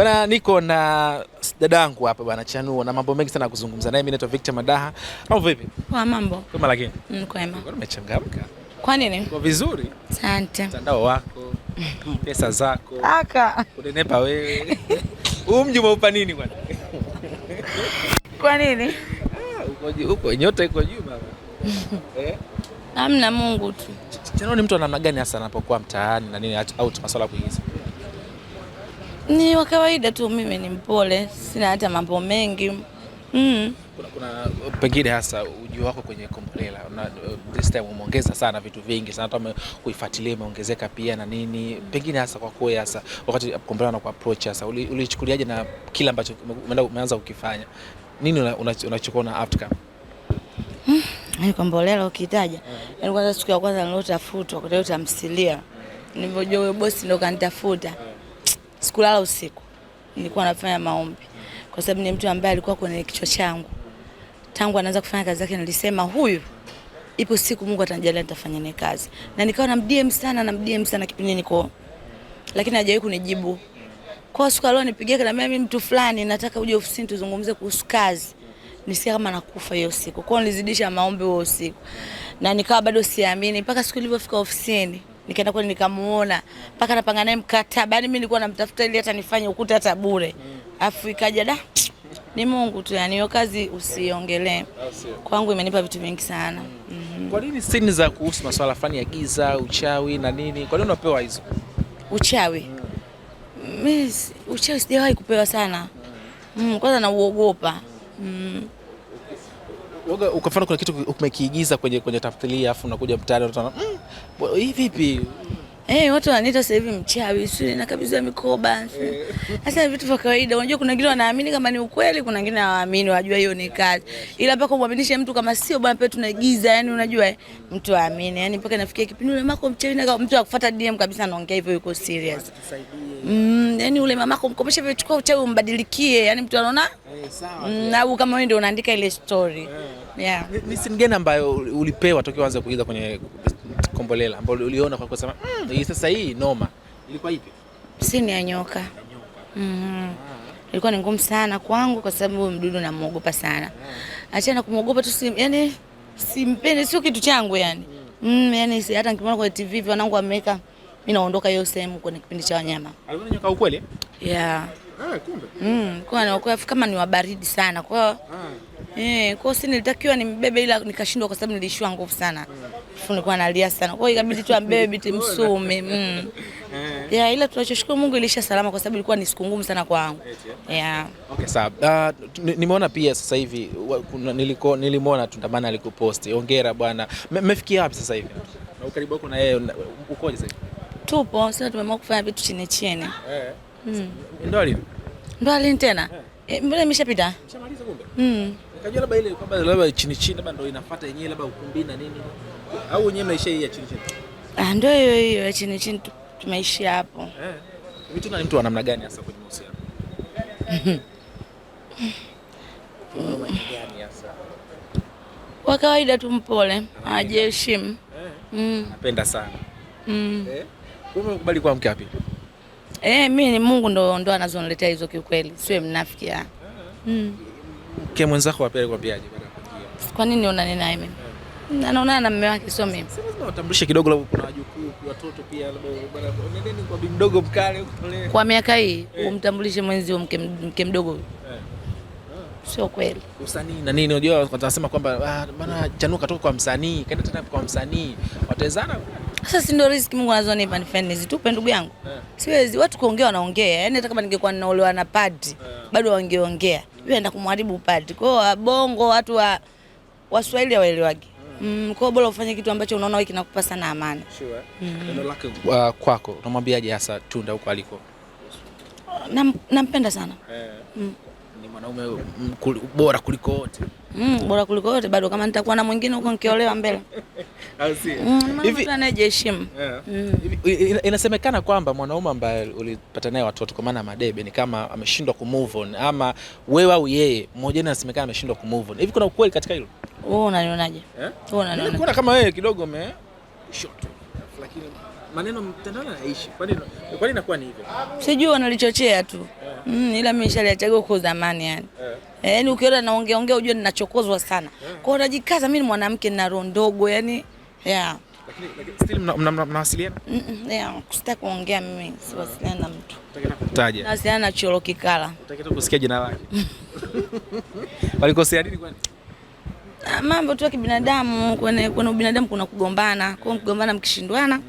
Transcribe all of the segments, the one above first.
Bana, niko na dadangu hapa bana Chanuo na mambo mengi sana kuzungumza naye. Mimi naitwa Victor Madaha. Au vipi? Kwa mambo. Kama lakini. Mkwema. Mm, umechangamka. Kwa nini? Kwa vizuri. Asante. Mtandao wako, mm. pesa zako. Aka. Unenepa wewe. Huu mji umeupa nini kwani? Kwa nini? Ah, uko uko nyota iko juu baba. Eh? Amna Mungu tu. Chanuo ni mtu ana namna gani hasa anapokuwa mtaani na nini au masuala kuingiza? Ni wa kawaida tu, mimi ni mpole, sina hata mambo mengi mm. Kuna, kuna pengine hasa ujio wako kwenye Kombolela na uh, this time umeongeza sana vitu vingi sana, hata kuifuatilia imeongezeka pia na nini, pengine hasa kwa wewe, hasa wakati Kombolela na kwa approach hasa ulichukuliaje uli na kila ambacho umeanza kukifanya, nini unachukua una, una na outcome mm, Kombolela ukitaja mm. yani, kwanza siku ya kwanza nilotafutwa kwa tamthilia, nilipojua huyo bosi ndo kanitafuta mm sikulala usiku, nilikuwa nafanya maombi, kwa sababu ni mtu ambaye alikuwa kwenye kichwa changu tangu anaanza kufanya kazi yake. Nilisema huyu, ipo siku Mungu atanijalia nitafanya naye kazi, na nikawa na DM sana na DM sana kipindi niko, lakini hajawahi kunijibu. Kwa siku alionipigia kana mimi mtu fulani, nataka uje ofisini tuzungumze kuhusu kazi. Nisikia kama nakufa hiyo siku, kwa nilizidisha maombi huo usiku, na nikawa bado siamini mpaka siku nilipofika ofisini nikaenda kweli nikamuona mpaka napanga naye mkataba. Yani mimi nilikuwa namtafuta ili hata nifanye ukuta hata bure, afu ikaja da ni Mungu tu, yani hiyo kazi usiongelee. Ah, Kwangu imenipa vitu vingi sana. mm -hmm. Kwa nini sini za kuhusu masuala fulani ya giza, uchawi na nini, kwa nini unapewa hizo? Uchawi mimi uchawi sijawahi kupewa sana. Mm, mm kwanza nauogopa. mm. Woga ukafana kuna kitu umekiigiza kwenye kwenye tamthilia afu unakuja mtaani unatana mm, hii vipi? Eh, hey, watu wananiita sasa hivi mchawi, sio na kabisa mikoba. Sasa vitu vya kawaida. Unajua kuna wengine wanaamini kama ni ukweli, kuna wengine hawaamini, wajua hiyo ni kazi. Ila mpaka uaminishe mtu kama sio bwana pia tunaigiza, yani unajua eh, mtu aamini. Yani mpaka nafikia kipindi ule mako mchawi na mtu akufuata DM kabisa anaongea hivyo yuko serious. Mm, yani ule mamako mkomesha vitu kwa uchawi umbadilikie, yani mtu anaona. Eh, sawa. Na mm, kama wewe ndio unaandika ile story. Yeah. Yeah. Lesson gani ambayo ulipewa tokio anza kuiga kwenye Kombolela ambayo uliona kwa kusema mm, sasa hii noma ilikuwa ipi? Sini ya nyoka. Mm. Ah. Ilikuwa ni ngumu sana kwangu kwa sababu huyo mdudu namuogopa sana. Ah. Mm. Achana kumuogopa tu si, yani simpendi sio kitu changu yani. Mm, mm yani si, hata nikiona kwa TV wanangu wameka mimi naondoka hiyo sehemu kwenye kipindi cha wanyama. Alikuwa nyoka ukweli? Yeah. Ah, kumbe. Mm, kwa na kama ni wabaridi sana. Kwa hiyo ah. Eh, kwa hiyo nilitakiwa nimbebe ila nikashindwa kwa sababu nilishiwa nguvu sana. Afu nilikuwa nalia sana. Kwa hiyo ikabidi tu ambebe binti msume. Mm. Eh. Ya, ila tunachoshukuru Mungu ilisha salama kwa sababu ilikuwa ni siku ngumu sana kwangu. Yeah. Okay, sawa. Uh, nimeona pia sasa hivi niliko nilimwona Tundamana alikuposti. Hongera bwana. Mmefikia wapi sasa hivi? Na ukaribu wako na yeye ukoje sasa hivi? Tupo, sasa tumeamua kufanya vitu chini chini. Eh. Mm. Ndo alini? Ndo alini tena? Eh, eh mbona imeshapita? Imeshamaliza kumbe? Mm. Kajua labda ile kwamba labda chini chini labda ndio inafuata yenyewe labda ukumbi na nini. Au wenyewe maisha hii ya chini chini. Ah, ndio hiyo hiyo ya chini chini tumeishi hapo. Eh. Vitu na mtu wa namna gani hasa kwenye mahusiano? Kwa kawaida tu mpole, ajiheshimu. Eh. Mm. Napenda sana. Mm. Eh? Umekubali kwa mke wapi? Eh, mimi ni Mungu ndo ndo anazoniletea hizo kiukweli. Siwe mnafiki. Ah. Mm mke mwenzako wapi alikwambiaje? Kwa nini unaonana naye? Mimi eh. anaonana na mume wake, sio mimi. Sasa utambulishe kidogo, labda kuna wajukuu, watoto pia, labda bwana, nendeni kwa bibi mdogo mkale ukitolewa. Kwa miaka hii eh. umtambulishe mwenzi mke mdogo eh. Sio kweli. Usanii na nini, unajua watasema kwamba ah, bana, Chanuka toka kwa msanii kaenda tena kwa msanii, watawezana sasa ndio riziki Mungu anazonipa nifanye nizitupe ndugu yangu. Yeah. Siwezi watu kuongea wanaongea. Yaani hata kama ningekuwa ninaolewa na padri yeah, bado wangeongea. Yeah. Mm. Yeye anaenda kumharibu padri. Kwa hiyo wabongo watu wa Waswahili hawaelewagi. Mm, mm kwa bora ufanye kitu ambacho unaona wewe kinakupa sana amani. Sure. Mm. uh, kwako unamwambiaje hasa Tunda huko aliko? nampenda sana. Yeah. Mm mwanaume bora kuliko wote mm, bora kuliko wote bado, kama nitakuwa na mwingine huko nikiolewa mbele mm, anayejiheshimu mm. inasemekana kwamba mwanaume ambaye ulipata naye watoto kwa maana madebe ni kama ameshindwa ku move on, ama wewe au yeye mmoja, anasemekana ameshindwa ku move on. Hivi kuna ukweli katika hilo? Wewe unanionaje? Eh? Wewe Kuna kama wewe kidogo ume short lakini maneno mtandao yanaishi. Kwa nini inakuwa ni hivyo? Sijui wanalichochea tu yeah. Mm, ila mimi nishaliachaga huko zamani yani yeah. Eh, yaani ukiona naongea ongea ujue ninachokozwa sana yeah. Kwa hiyo najikaza mimi ni mwanamke na roho ndogo yani yeah. Lakini, lakini still mnawasiliana? Mm -mm, yeah, sitaki kuongea mimi siwasiliana na mtu. Nataka kukutaja. Nawasiliana na Cholo Kikala. Nataka tu kusikia jina lake. Walikosea nini kwani? mambo tu ya kibinadamu. Kwenye kwenye ubinadamu kuna kugombana, kwa mkigombana, mkishindwana.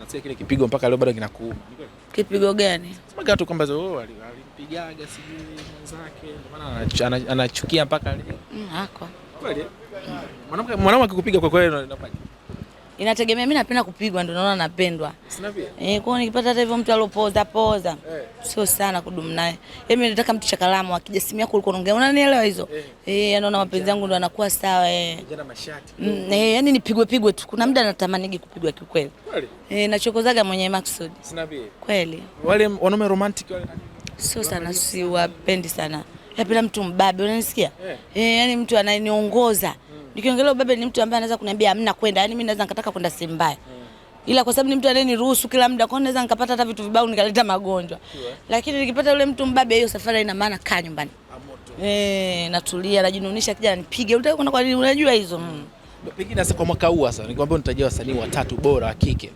Nasikia kile kipigo mpaka leo bado kinakuuma. Kipigo gani? Sema gatu kwamba wewe oh, alimpigaga sijui mwenzake, ndio maana anachukia mpaka leo. Mm, hako. Kweli? Mwanamke mwanamke akikupiga kwa kweli unapaje? Inategemea, mimi napenda kupigwa, ndio naona napendwa. Eh, kwa hiyo nikipata hata hivyo mtu alopoza poza, eh, sio sana kudumu naye. eh, yaani Mimi nataka mtu cha kalamu, akija simu yako uliko unaongea, unanielewa hizo eh, eh anaona yaani mapenzi yangu ndio anakuwa sawa eh, jana mashati mm, eh, yani nipigwe pigwe tu. Kuna muda natamani kupigwa kikweli, eh, nachokozaga mwenye maksudi kweli. Wale wanaume romantic wale, nani, sio sana, siwapendi sana. Napenda mtu mbabe, unanisikia eh, eh yani mtu anayeniongoza nikiongelea ubabe ni mtu ambaye anaweza kuniambia amna kwenda, yani mimi naweza nikataka kwenda sehemu mbaya ila kwa sababu ni mtu anayeniruhusu kila muda, kwa naweza nikapata hata vitu vibao nikaleta magonjwa yeah. Lakini nikipata yule mtu mbabe, hiyo safari ina maana kaa nyumbani eh, natulia, najinunisha, kija anipige, unataka kuna kwa nini? Unajua hizo mm. Pengine sasa kwa mwaka huu sasa nikwambia nitajia wasanii watatu bora wa kike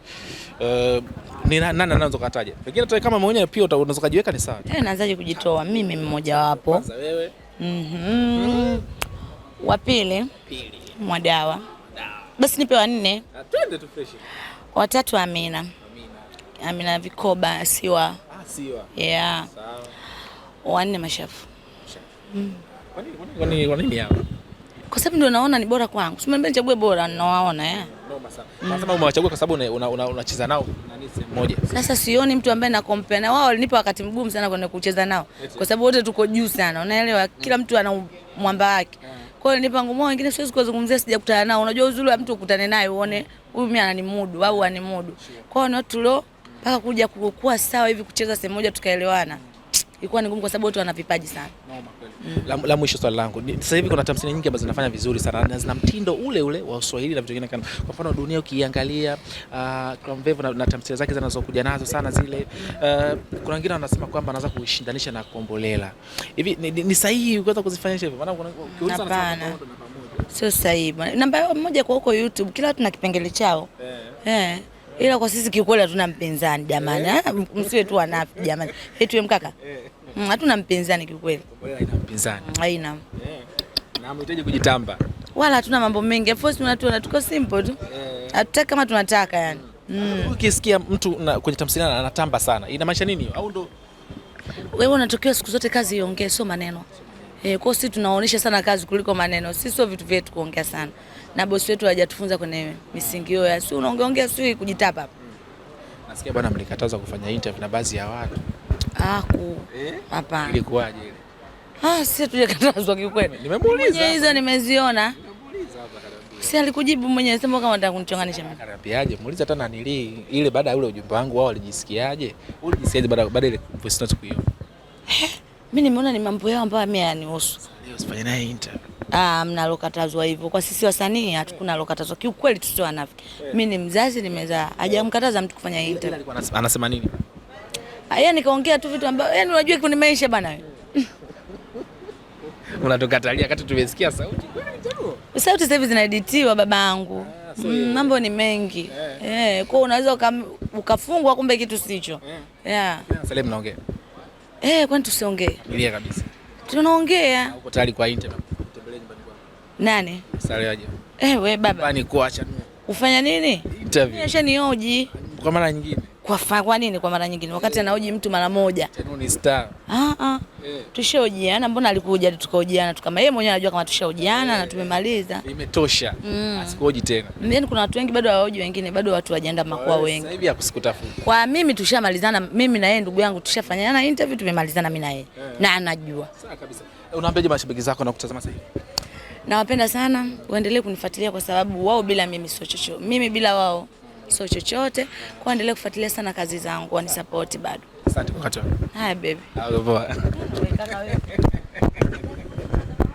uh, ni nani anaanza kataja? Pengine tuwe kama mwenyewe pia unaweza kujiweka ni sawa. Eh, naanzaje kujitoa mimi mmoja wapo. Sasa wewe. Mhm. Mm mm -hmm wa pili mwa dawa basi nipe wa nne, ah, twende tu fresh. Amina. Amina, Amina Vikoba siwa, ah, siwa. Yeah. Sawa. Wanne Mashafu. Kwa nini kwa Kwa sababu ndio naona ni bora kwangu. Sema nichague bora ninaowaona eh. Mm. umewachagua kwa sababu unacheza nao moja. Sasa sioni mtu ambaye na compare na wao, walinipa wakati mgumu sana kwenda kucheza nao kwa sababu wote tuko juu sana, unaelewa, mm. kila mtu ana mwamba wake. Mm. Kwa hiyo nipango mwao, wengine siwezi kuzungumzia, sijakutana nao. Unajua uzuri wa mtu ukutane naye uone huyu mimi ananimudu au animudu. Kwa hiyo ndio tulio mpaka kuja kukua sawa hivi kucheza sehemu moja tukaelewana ilikuwa ni ngumu kwa sababu watu wana vipaji sana. kweli. La mwisho swali langu, sasa hivi kuna tamthilia nyingi ambazo zinafanya vizuri sana na zina mtindo ule ule wa Uswahili na vitu vingine kama kwa mfano Dunia ukiangalia uh, ah, na, na tamthilia zake zinazokuja nazo sana zile uh, kuna wengine wanasema kwamba anaweza kuishindanisha na Kombolela. Hivi ni, ni, ni sahihi ukiweza kuzifanya hivyo? Maana kuna ukiuliza sana sio sahihi. Namba moja kwa huko YouTube kila watu na kipengele chao. Eh. Yeah ila kwa sisi kiukweli hatuna mpinzani jamani, eh? msiwe tu wanafi jamani, eti eh, mkaka, eh. mm, hatuna mpinzani kiukweli, haina na mhitaji kujitamba wala hatuna mambo mengi, of course tunatuona tuko simple tu, hatutaki kama tunataka yani. Mm. Mm. Ukisikia mtu kwenye tamthilia anatamba sana, inamaanisha nini? Au ndo wewe unatokiwa siku zote kazi iongee, sio maneno. Eh, kwa sisi tunaonyesha sana kazi kuliko maneno. Sisi sio vitu vyetu kuongea sana. Na bosi wetu hajatufunza kwenye misingi hiyo ya si unaongea ongea si kujitapa. Nasikia bwana mlikataza kufanya interview na baadhi ya watu. Ah, ku. Eh? Hapana. Eh? Ilikuwaje ile? Ah, sisi tujakatazwa kiukweli. Nimemuuliza. Mwenye hizo nimeziona. Nimemuuliza hapa kaniambia. Si alikujibu mwenyewe sema kama unataka kunichonganisha mimi. Kaniambiaje? Muuliza tena nili ile baada ya ule ujumbe wangu wao walijisikiaje? Ulijisikiaje baada baada ile voice note kuiona? Eh? Mimi nimeona ni mambo yao ambayo mimi hayanihusu. Usifanye naye interview. Ah, mnalokatazwa hivyo. Kwa sisi wasanii hatukuna lokatazwa. Kiukweli tusio wanafiki. Eh. Mimi ni mzazi nimezaa. Hajamkataza mtu kufanya interview. Anasema nini? Ah, Yeye nikaongea tu vitu ambavyo yaani unajua kuna maisha bana wewe. Unatukatalia kati tumesikia sauti. Sauti sasa hivi zinaeditiwa babangu. Ah, mm, mambo ni mengi. Eh, yeah. Yeah, kwa unaweza ukafungwa kumbe kitu sicho. Yeah. Yeah. Yeah. Salim naongea. Eh, kwani tusiongee? Nilia kabisa. Tunaongea. Uko tayari kwa interview? Tembelea nyumbani kwangu. Nani? Saliaje. Eh, wewe baba. Bani kuacha. Ufanya nini? Interview. Acha nioji. Kwa mara nyingine. Kwa, fa, kwa nini kwa mara nyingine wakati yeah. anaoji mtu mara moja tena ni star. Ah ah. Yeah. Tushaojiana, mbona alikuja tukaojiana tu kama yeye mwenyewe anajua kama tushaojiana yeah. na eh. tumemaliza. Imetosha. Mm. Asikuoji tena. Yaani, yaani kuna watu wengi bado hawaoji wengine bado watu wajaenda makuwa eh, wengi. Sasa hivi hakusikutafuta. Kwa mimi tushamalizana mimi na yeye ndugu yangu tushafanyana interview tumemalizana mimi na yeye. Yeah. Na anajua. Sawa kabisa. Eh, unaambiaje mashabiki zako na kutazama sasa hivi? Nawapenda sana, uendelee kunifuatilia kwa sababu wao bila mimi sio chochote Mimi bila wao so chochote, kuendelea kufuatilia sana kazi zangu, wanisapoti bado. Asante kwa wakati Haya baby.